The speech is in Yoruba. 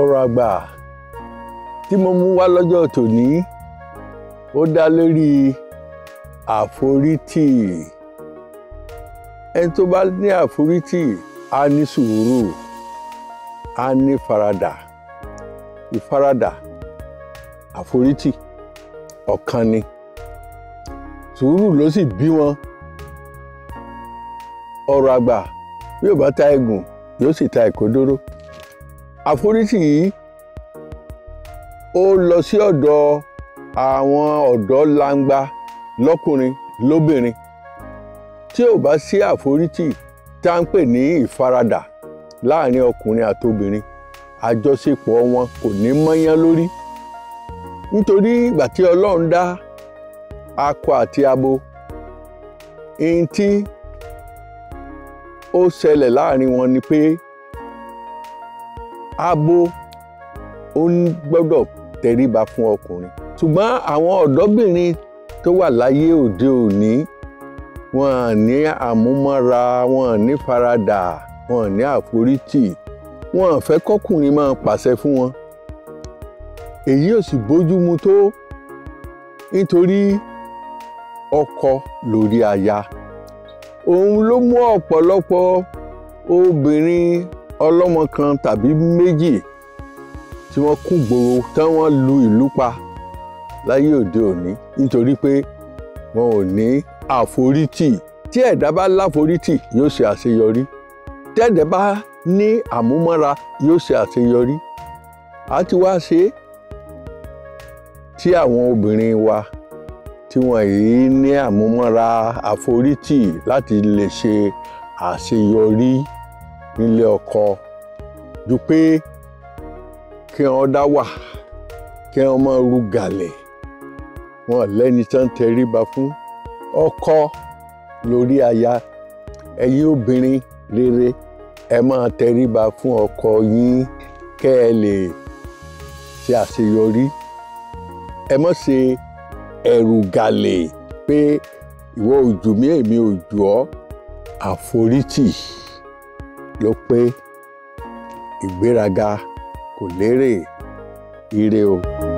ọ̀rọ̀ àgbà tí mo mú wá lọ́jọ́ tòní ó dá lórí àforítì ẹni tó bá ní àforítì á ní sùúrù á ní faradà ìfaradà àforítì ọ̀kan ni sùúrù ló sì bí wọn ọ̀rọ̀ àgbà bí ò bá ta ẹ̀gùn yóò sì ta ìkódóró. E àforítì yìí ó lọ sí ọ̀dọ̀ àwọn ọ̀dọ́ langba lọ́kùnrin lóbìnrin tí ò bá sí àforítì tá à ń pè ní ìfaradà láàrin ọkùnrin àtobìnrin àjọṣepọ̀ wọn kò ní mọ́yán lórí nítorí ìgbà tí ọlọ́run dá akọ àti abo ẹni tí ó ṣẹlẹ̀ láàrin wọn ni pé abo ó ń gbọ́dọ̀ tẹríba fún ọkùnrin ṣùgbọ́n àwọn ọ̀dọ́bìnrin tó wà láyé òde òní wọn à ní àmúmọ́ra wọn à ní faradà wọn à ní àforítì wọn à fẹ́ kọ́kùnrin máa pàṣẹ fún wọn èyí ò sì bójúmu tó nítorí ọkọ lórí aya òun ló mú ọ̀pọ̀lọpọ̀ obìnrin ọlọ́mọ kan tàbí méjì tí wọ́n kú gbòòrò tí wọ́n lu ìlú pa láyé òde òní nítorí pé wọn ò ní àforítì tí ẹ̀dá bá láforítì yóò ṣe àṣeyọrí tí ẹ̀dá bá ní àmúmọ́ra yóò ṣe àṣeyọrí a ti wá ṣe tí àwọn obìnrin wa tí wọ́n yìí ní àmúmọ́ra àforítì láti lè ṣe àṣeyọrí nílé ọkọ ju pé kí wọn dá wà kí wọn máa ru gàlẹ̀ wọn lẹ́ni tán tẹríba fún ọkọ lórí aya ẹ̀yin obìnrin rere ẹ máa tẹríba fún ọkọ yín kẹ́ ẹ lè ṣe àṣeyọrí ẹ má ṣe ẹ̀rù gàlẹ̀ pé ìwọ ò jù èmi ò jù àforítì ló pé ìgbéraga kò lérè ire o.